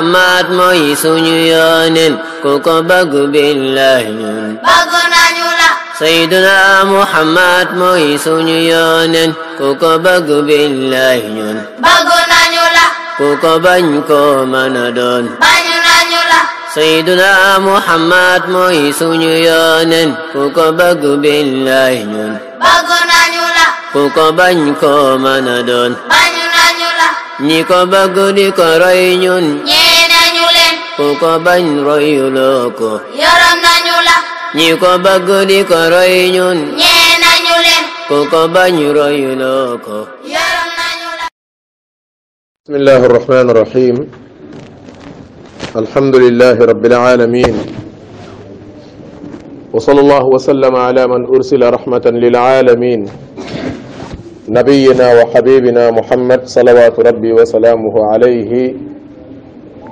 amaat mooy suñu yooneen ku ko bëgg billahi ñun bëgg nañu la sayduna muhammad mooy suñu yooneen ku ko bëgg billahi ñun bëgg nañu la ku ko bañ koo mën a doon bañ nañu la sayduna muhammad mooy suñu yooneen ku ko bëgg billahi ñun bëgg nañu la ku ko bañ koo mën a doon bañ nañu la ñi ko bëgg di ko roy ñun kuka bany roi loko Yoro nanyula Nyiko bagudi ko bëgg di ko roy kuka bany roi loko بسم الله الرحمن الرحيم الحمد لله رب العالمين وصلى الله وسلم على من أرسل رحمة للعالمين نبينا وحبيبنا محمد صلوات ربي وسلامه عليه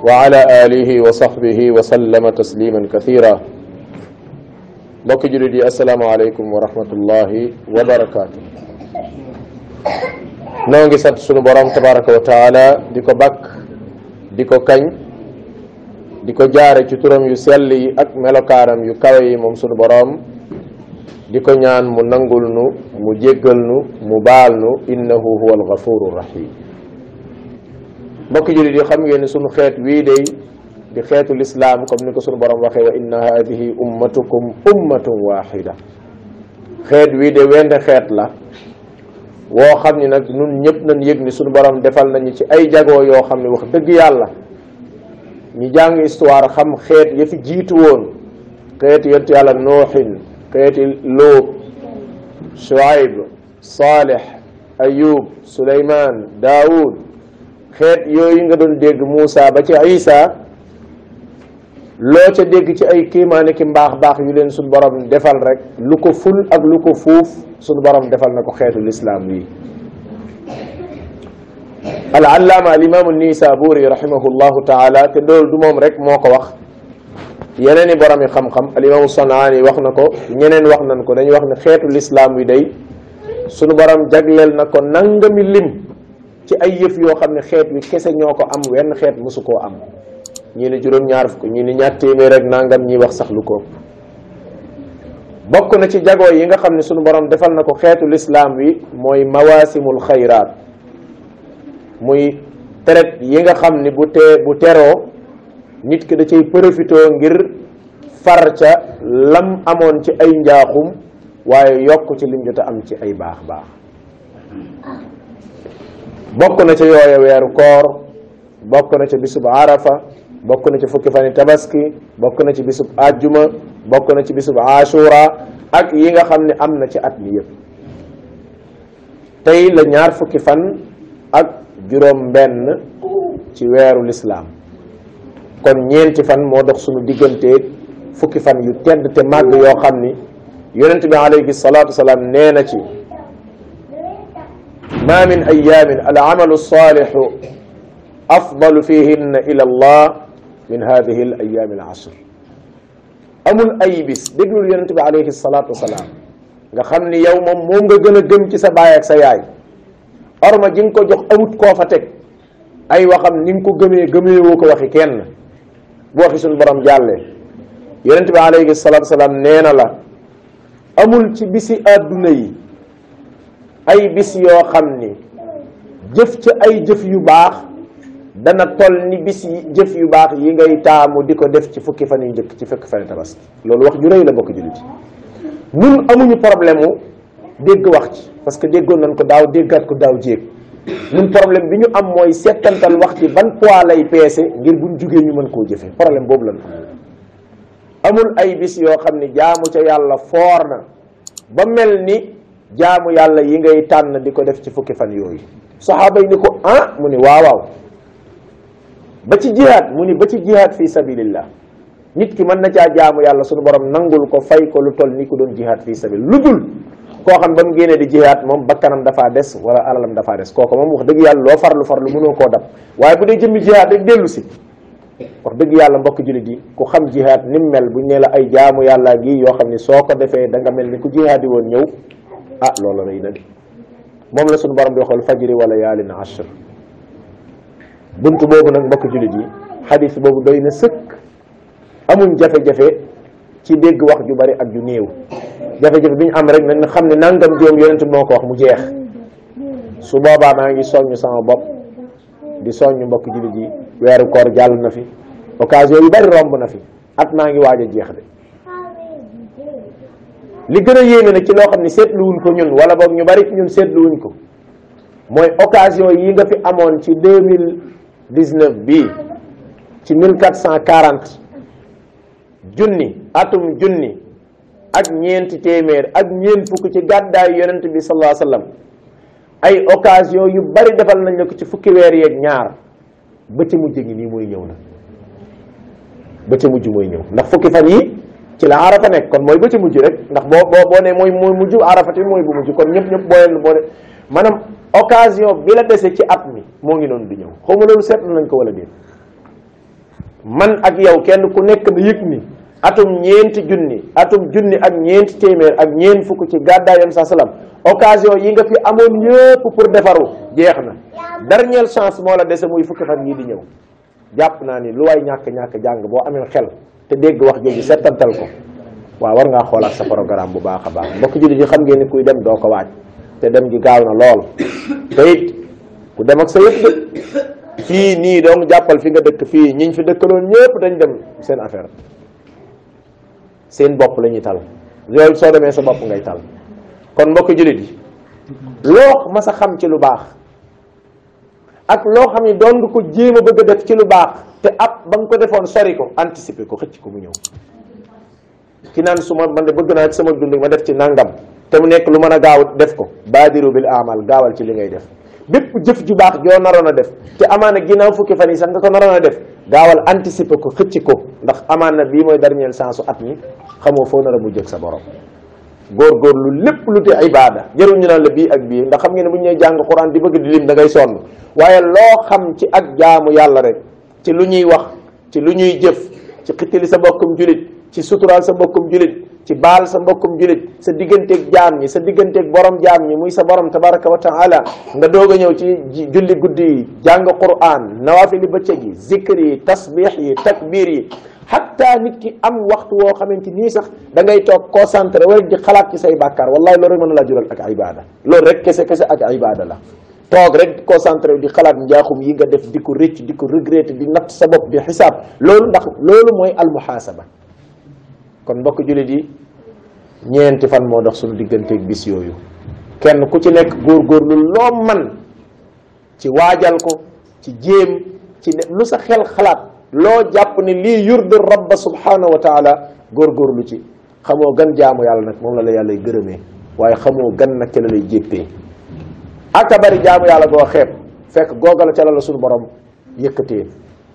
وعلى آله وصحبه وسلم تسليما كثيرا بكجري دي السلام عليكم ورحمة الله وبركاته نوغي نعم، سات سونو بروم تبارك وتعالى ديكو بك ديكو كاني ديكو جار سي تورم يو سيلي اك ملوكارم يو كاوي موم سونو بروم ديكو نيان مو نانغول نو انه هو الغفور الرحيم mbokki jullit yi xam ngeen ne sunu xeet wii day di xeetu lislaam comme ni ko sunu borom waxee wa inna hadihi ummatukum ummatun wahida xeet wii de wenn xeet la woo xam ni nag nun ñëpp nañ yëg ni sunu borom defal nañu ci ay jagoo yoo xam ne wax dëgg yàlla ñu jàng histoire xam xeet ya fi jiitu woon xeeti yontu yàlla nooxin xeeti lóob shuaib saalih ayub suleyman daawud xeet yooyu nga doon dégg Moussa ba ci Isa loo ca dégg ci ay kiimaane ki mbaax baax yu leen suñu borom defal rek lu ko ful ak lu ko fuuf su borom defal na ko xeetu lislaam wi al allaama al imaamu nisaburi rahimahullahu taala te loolu du moom rek moo ko wax yeneen i borom yi xam-xam al imaamu sanaani wax na ko ñeneen wax nañ ko dañuy wax ne xeetu lislaam wi day suñu borom jagleel na ko nangami lim ci ay yëf yoo xam ne xeet wi kese ñoo ko am wenn xeet mosu koo am ñii ni juróom-ñaar fukk ñii ni ñaar téeméer rek nangam ñiy wax sax lu ko bokk na ci jagoo yi nga xam ne sunu borom defal na ko xeetu lislaam wi mooy mawaasimul xayraat muy traite yi nga xam ni bu tee bu teroo nit ki da cay profitoo ngir far ca lam amoon ci ay njaaxum waaye yokk ci lim jot a am ci ay baax baax bokk na ca yooye weeru koor bokk na ca bisub arafa bokk na ci fukki fani tabaski bokk na ci bisub ajjuma bokk na ci bisub ashura ak yi nga xam ne am na ci at mi yëpp tey la ñaar fukki fan ak juróom benn ci weeru lislaam kon ñeenti fan moo dox sunu diggantee fukki fan yu tedd te màgg yoo xam ni yonente bi alayhi salatu wasalaam nee na ci من أيام العمل الصالح أفضل فيهن إلى الله من هذه الأيام العشر أمل أيبس دقل ينتبع عليه الصلاة والسلام غخمني يوم مونغ جن جن كي سبايك سياي أرما جنكو جوخ أوت كوفتك أي وخم نينكو جمي جمي ووكو وخي كين بوخي سن برام جالي ينتبع عليه الصلاة والسلام نينا لا أمل تبسي أدني ay bis yoo xam ni jëf ca ay jëf yu baax dana toll ni bis yi jëf yu baax yi ngay taamu di ko def ci fukki fan yu njëkk ci fekk fan tabaski loolu wax ju rëy la bokk jullit ñun amuñu problème mu dégg wax ci parce que déggoon nañ ko daaw déggaat ko daaw jéeg ñun problème bi ñu am mooy settantal wax ci ban poids lay peese ngir buñ jugee ñu mën koo jëfee problème boobu lañ amul ay bis yoo xam ni jaamu ca yàlla foor na ba mel ni jaamu yàlla yi ngay tànn di ko def ci fukki fan yooyu saxaaba yi ni ko ah mu ni waawaaw ba ci jihaad mu ni ba ci jihaad fi sabilillah nit ki mën na caa jaamu yàlla sunu borom nangul ko fay ko lu toll ni ku doon jihaad fi sabil lu dul koo xam ba mu génnee di jihaad moom bakkanam dafa des wala alalam dafaa des kooku moom wax dëgg yàlla loo farlu farlu mënoo koo dab waaye bu dee jëmmi jihaad rek dellu si wax dëgg yàlla mbokk jullit yi ku xam jihaad ni mu mel buñ ne la ay jaamu yàlla gi yoo xam ni soo ko defee da mel ni ku jihaadi woon ñëw ah loolu lay dëgg moom la suñu borom di waxal fajiri wala yaalin ashr bunt boobu nag mbokk jullit yi xadis boobu doy na sëkk amuñ jafe-jafe ci dégg wax ju bari ak ju néew jafe-jafe bi ñu am rek nañ xam ne nangam joom yonent moo ko wax mu jeex su boobaa maa ngi soññ sama bopp di soññ mbokk jullit yi weeru koor jàll na fi occasion yu bari romb na fi at maa ngi waaj a jeex de li gën a yéeme nag ci loo xam ne seetluwuñ ko ñun wala boog ñu bari ci ñun seetluwuñ ko mooy occasion yi nga fi amoon ci deux mille dix bi ci mille quatre cent quarante junni atum junni ak ñeenti téeméer ak ñeent fukk ci gàddaay yonent bi sallallahu wasallam ay occasion yu bari defal nañ la ko ci fukki weer yeeg ñaar ba ci mujj gi nii mooy ñëw nag ba ci mujj mooy ñëw ndax fukki fan yi ci la arafa nek kon moy ba ci mujj rek ndax bo bo ne moy moy muju arafa te moy bu muju kon ñep ñep boyel bo ne manam occasion bi la dese ci at mi mo ngi non di ñew lolu nañ ko wala man ak yow kenn ku nek na yek ni atum ñent junni atum junni ak ñent téeméer ak ñen fuk ci gadda yam salam occasion yi nga fi amone yépp pour defaru jeexna dernière chance mo la dese moy fuk fan yii di ñew japp na ni lu way ñak ñak jang bo xel te deg wax joji setantal ko wa war ngaa xoolaat sa programme bu baakha baax mbokk julli yi xam ngeen kuy dem do ko wacc te dem gi gaaw na lool te ku dem ak sa yëpp fi ni do dong jappal fi nga dekk fi ñiñ fi dekk lool ñepp dañ dem seen affaire seen bop la tal loolu so demee sa bop ngay tal kon mbokk jullit yi loo mas sa xam ci lu baax ak loo xam ne doon nga ko jéem a bëgg a def ci lu baax te ab ba nga ko defoon sori ko anticiper ko xëcc ko mu ñëw ki naan su ma man de bëgg naa sama dund ma def ci nangam te mu nekk lu mën a gaaw def ko baa baadiru bil amal gaawal ci li ngay def bépp jëf ju baax joo naroon a def te amaana ginnaaw fukki fan yi sax nga ko naroon def gaawal anticiper ko xëcc ko ndax na bii mooy dernier sens su at mi xamoo foo nar a mu jëg sa borom lu lépp lu te ibaada jëruñu naan la bii ak bii ndax xam ngeen ne bu ñu nee jàng quran di da ngay sonn waaye loo xam ci ak jaamu yàlla rek ci lu ñuy wax ci lu ñuy jëf ci xittali sa mbokkum julit ci suturaal sa mbokkum julit ci baal sa mbokkum julit sa digganteeg jaam ñi sa digganteeg borom jaam ñi muy sa borom tabaraka wa taala nga doog a ñëw ci julli guddi yi jàng quran nawafili bëccëg yi zikr yi tasbix yi takbir yi xatta nit ki am waxtu woo xamante nii sax da ngay toog concentré wala di xalaat ci say bàkkaar wallahi loolu rek mën na laa jural ak ibada loolu rek kese kese ak ibada la tok rek di concentré di xalat njaaxum yi nga def diko recc diko di di nat sa bop bi hisab lolou ndax moy al muhasaba kon mbok julit yi ñeenti fan mo dox suñu ak bis yoyu kenn ku ci gor lu lo man ci wajal ko ci jëm ci lu sa xel xalat lo japp ni li yurdu rabb subhanahu wa taala lu ci xamoo gan jaamu yalla nak mom la la yalla gërëmee waye xamoo gan nak la lay jéppé akabari jaamu yàlla go xeb fekk gogal ci la suñu borom yëkkatee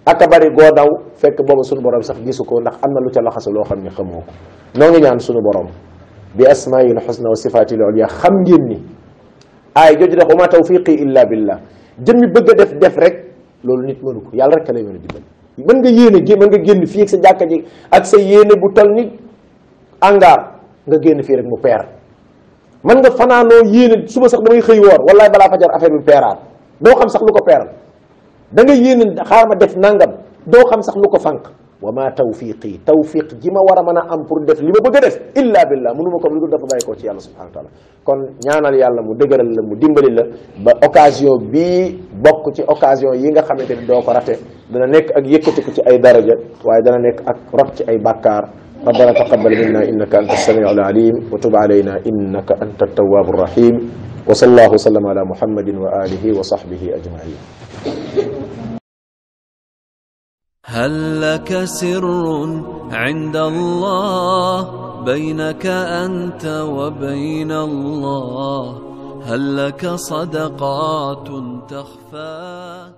akabari go daw fekk bobu suñu borom sax gisuko ndax amna lu ci la xass lo xamni xamoko ko noo ñaan suñu borom bi asmail husna wa sifatil ulya xam ngeen ni ay jojju def ma tawfiqi illa billah mi bëgg def def rek lolu nit mënu ko yàlla rek lay mëna dibal dimbali mën nga yene gi mën nga génn fi ak sa jàkka ji ak sa yene bu tol ni angar nga génn fi rek mu père man nga fanaanoo yéene suba sax damay xëy woor wallaay balaa fajar affaire bi peeraat doo xam sax lu ko peeral da nga yéene xaar ma def nangam doo xam sax lu ko fànq wa ma tawfiqi tawfiq ji ma war a mën a am pour def li ma bëgg a def illa billah mënuma ko lu dul dafa bàyyi koo ci yàlla subhanahu wa taala kon ñaanal yàlla mu dëgëral la mu dimbali la ba occasion bii bokk ci occasion yi nga xamante ni doo ko rate dana nekk ak yëkkatiku ci ay daraja waaye dana nekk ak rot ci ay bàkkaar ربنا تقبل منا إنك أنت السميع العليم وتب علينا إنك أنت التواب الرحيم وصلى الله وسلم على محمد وآله وصحبه أجمعين هل لك سر عند الله بينك أنت وبين الله هل لك صدقات تخفى